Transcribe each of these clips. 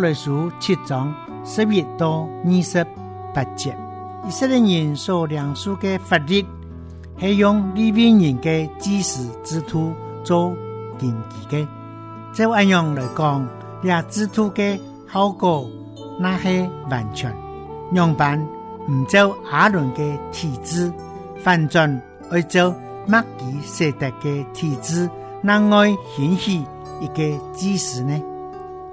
類書七章，十一到二十八節。以色列人所領受嘅法律，係用利未人嘅祭司之徒做根基嘅。做安樣來講，也知之徒嘅效果那係完全。樣板唔走阿倫嘅體制，反轉愛做麥基洗德嘅體制，那愛顯示一個祭司呢？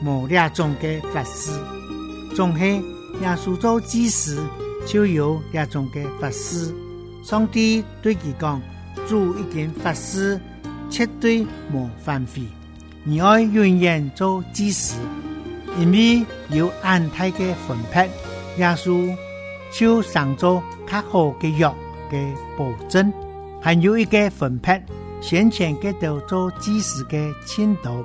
某兩種的法師，總係耶穌做祭司，就有兩種的法師。上帝對佢講：做一件法師，絕對莫反悔。你要永遠做祭司，因為有安泰嘅分配。耶穌就想做較好嘅約嘅保證，還有一個分配，先前嘅都做祭司嘅清途。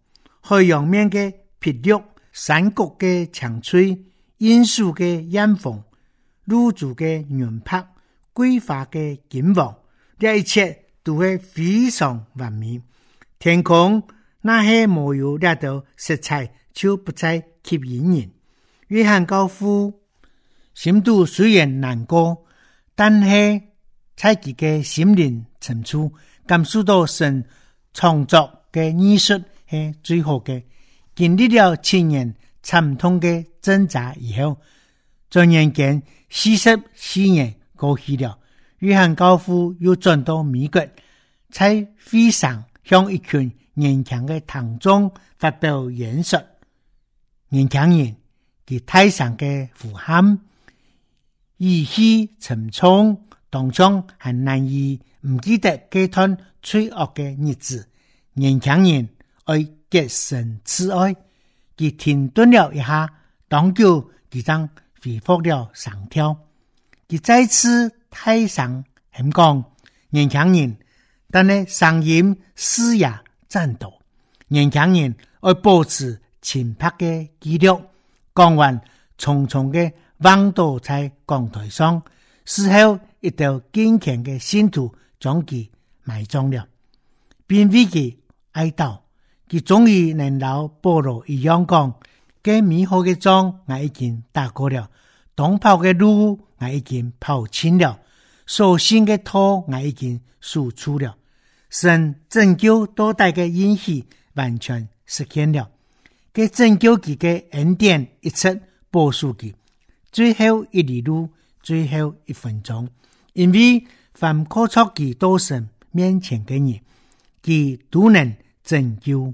海洋面嘅碧綠，山谷嘅清翠，椰樹嘅艷風，露珠嘅圓白，桂花嘅金黃，這一切都會非常完美。天空那些沒有那朵色彩，就不再吸引人。約翰高夫，深度雖然難過，但係猜忌嘅心靈深處感受到統統的神創造嘅藝術。最後嘅，經歷了七年慘痛嘅掙扎以後，轉眼間四十四年過去了。約翰高夫又轉到美國，在會上向一群年輕嘅唐中發表演說。年輕人，佢大聲嘅呼喊，意義氣、沉重、當中很難以唔記得嗰段罪惡嘅日子。年輕人。愛結成慈愛，佢停頓了一下，當叫佢張回復了上跳，佢再次低聲喊講：年輕人，但係聲音嘶啞顫抖。年輕人，要保持前拍的紀律，講完匆匆嘅彎倒在講台上，事後一條堅強的信徒將佢埋葬了，並為嘅哀悼。佮終於能到保羅一樣講，佮美好的仗，我已經打過了；當跑的路，我已經跑清了；所信的道，我已經掃出了。神拯救到底的恩賜，完全實現了。佮拯救幾個恩典，一次不輸佢。最後一里路，最後一分鐘，因為凡靠著佢到神面前嘅人，佢都能拯救。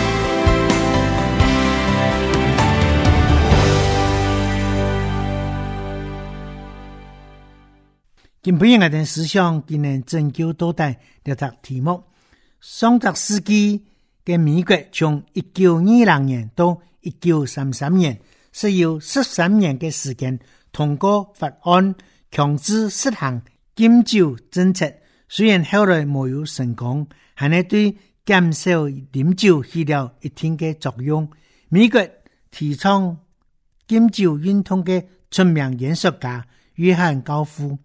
今本煙個等思想，佢能拯救到底調查題目。上個世紀，嘅美國從一九二零年到一九三三年，是有十三年嘅時間，通過法案強制實行禁酒政策。雖然後來沒有成功，還能對減少飲酒起了一定嘅作用。美國提倡禁酒運動嘅出名演說家約翰·高夫。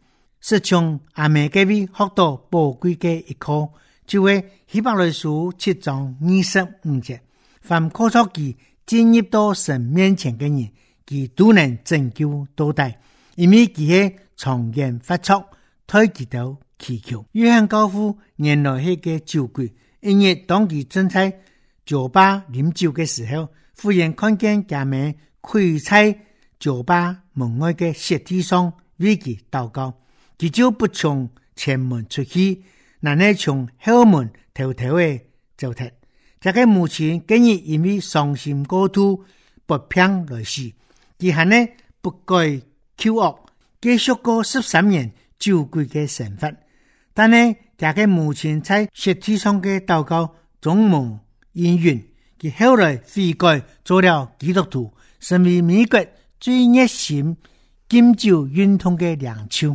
是從阿彌陀佛到寶貴的美一課，就會希伯來書七章二十五節，凡可觸及進入到神面前嘅人，佢都能拯救到底，因為其係常見發出推己到其求。約翰高夫原來係個酒鬼，因為當佢正在酒吧飲酒嘅時候，忽然看見家門跪在酒吧門外嘅雪地上，為其禱告。他就不從前門出去，而呢從後門偷偷地走脫。這個母親今日因為傷心過度，不平而死，他呢不改舊惡，繼續過十三年舊貴嘅生活。但呢，這個母親在實體上嘅禱告，中蒙應允，佢後來悔改做了基督徒，成為美國最熱心、敬主運動嘅領袖。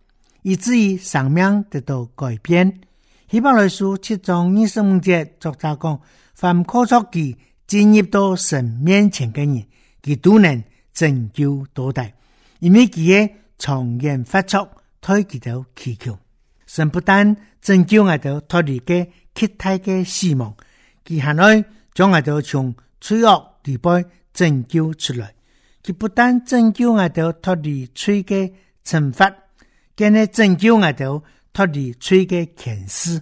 以至於生命得到改變，希伯來書，七章二十五節作者講，凡靠著佢進入到神面前嘅人，佢都能拯救到底，因為佢嘅狂言發出推佢到祈求。神不但拯救我哋脫離嘅乞泰嘅死亡，佢還愛將我哋從罪惡裏邊拯救出來。佢不但拯救我哋脫離罪嘅懲罰。今日真教我到脫離崔個天使，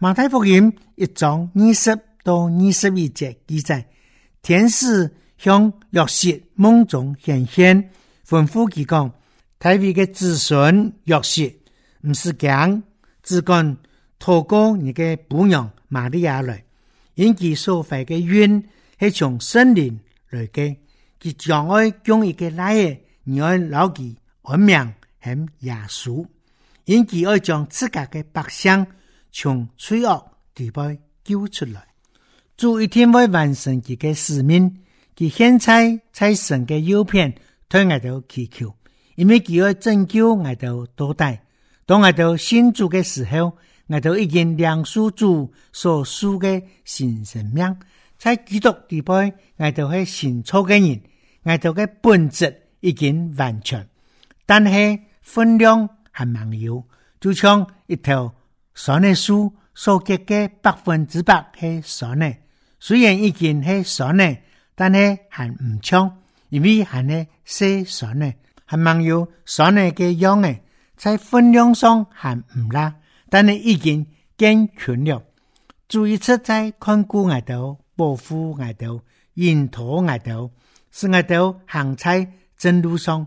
馬太福音一章二十到二十一節記載，天使向約瑟夢中顯現，吩咐佮講，大衛嘅子孫約瑟唔使驚只管托過你嘅補養，瑪利亞來，因其所懷嘅孕係從聖靈來嘅，佢將會將一個來兒讓老佮安名。很嚴俗，因佮要將自家嘅百姓從罪惡地步救出來，主一天要完成自己使命。佮現在在神嘅右邊推愛到祈求，因為佮要拯救愛到到底。當愛到新造嘅時候，愛到已經涼屬主所屬嘅新生命，在基督地步愛到係新造嘅人，愛到嘅本質已經完全，但是。分量還蠻有，就像一條酸的樹，所給嘅百分之百係酸內。雖然已經係酸內，但是還唔嗆，因為還咧些酸內，還蠻有酸內嘅樣，誒。在分量上還唔拉，但係已經健全了。注意出在看顧外頭，保護外頭，引導外頭，使外頭行在正路上。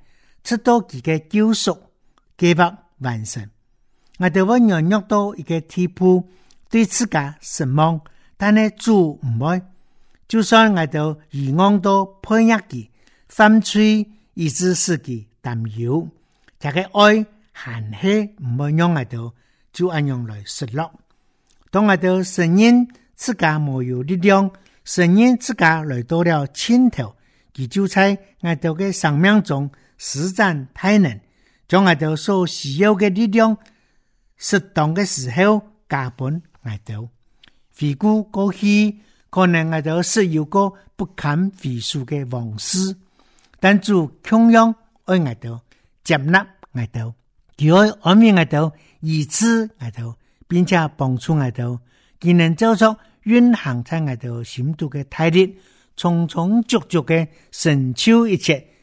出多自己招數，記不完成。我哋溫人約到一個地步，對自家失望，但呢，做唔愛。就算我哋遇安到偏一記，心吹以致失記，但有只個愛閒氣唔會讓我哋就按樣來失落。當我哋承認自家冇有力量，承認自家來到了盡頭，佢就在我哋嘅生命中。施展大能將我哋所需要的力量，適當的時候加本我哋。回顧過去，可能我哋是有個不堪回首的往事，但主寬容愛我哋，接納是是我哋，熱愛安慰我哋，醫治我哋，並且幫助我哋，就能走出蘊含在我哋心度的泰力，從從逐逐的勝求一切。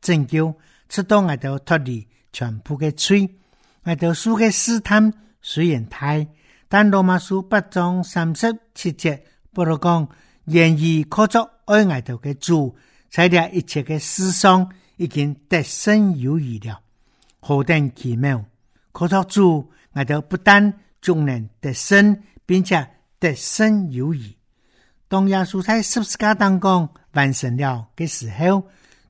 拯救，直到我哋脫離全部嘅罪，我哋輸嘅試探雖然大，但羅馬書八章三十七節保羅講，願意靠着愛我哋嘅主，取掉一切的思想已經得勝有餘了，何等奇妙！靠着主，我哋不但眾人得勝，並且得勝有餘。當耶穌在十字架當中完成了的時候。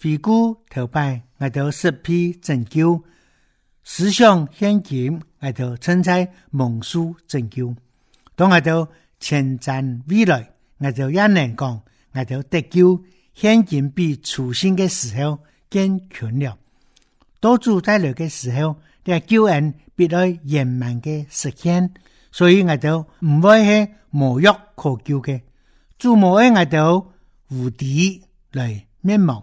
回顧頭擺，𠊎 兜識被拯救；思想先進，𠊎 兜存在蒙書拯救。當 𠊎 兜前瞻未來，𠊎 兜也能講。𠊎 兜得救現今比初心嘅時候更全了。到主再來嘅時候，你救人必得圓滿嘅實現，所以 𠊎 兜唔會去無藥可救嘅。做摩爾 𠊎 兜無敵來滅亡。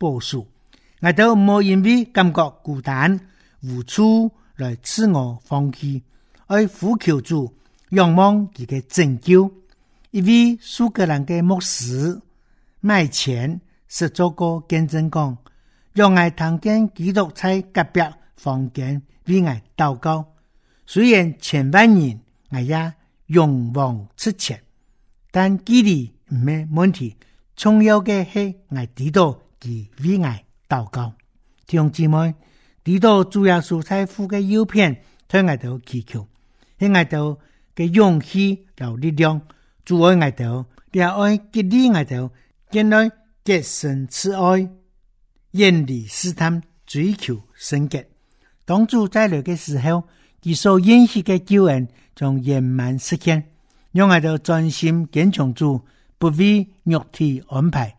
部署，我都莫因為感覺孤單無助，來使我放棄。而呼求主，仰望佢個拯救。一位蘇格蘭的牧師麥錢，是做過見證工，讓我聽見基督在隔壁房間為我禱告。雖然千萬人我也勇往直前，但距離唔係問題，重要的係我知道。及為愛禱告，弟兄姊妹，得到主耶穌差付嘅腰片，脫愛到祈求，喺愛到給勇氣、夠力量，主愛愛到，第愛，極力愛到，將來結成慈愛，遠離試探，追求聖潔。當主再來的時候，佢所應許的救援將圓滿實現，讓愛到專心堅強住，不為肉體安排。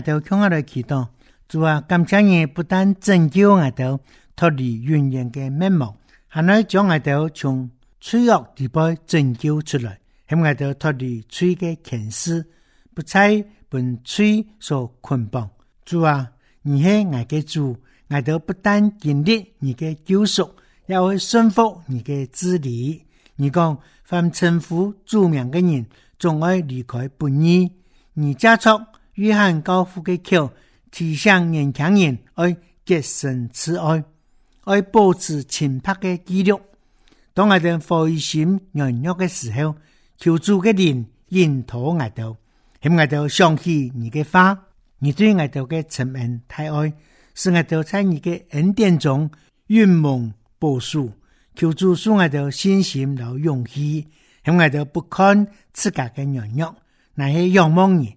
頭強下頭祈禱，主啊！感謝你不但拯救我頭脫離冤冤嘅面目，還來將我頭從脆弱地底拯救出來，令我頭脫離罪嘅鉗制，不再被罪所捆綁。主啊！你係我嘅主，我頭不但經歷你嘅救贖，又會順服你嘅治理。你講凡稱呼主名嘅人，總愛離開不義，而加速。約翰高夫嘅口，提醒年輕人愛潔身自愛，愛保持清白的紀律。當我哋灰心軟弱的時候，求主嘅靈引導我哋；喺我哋想起你的話，你對我哋嘅沉悶太愛，使我哋在你的恩典中冤蒙保守。求主送我哋信心、到勇氣，喺我哋不堪自噶的軟弱，那些仰望你。”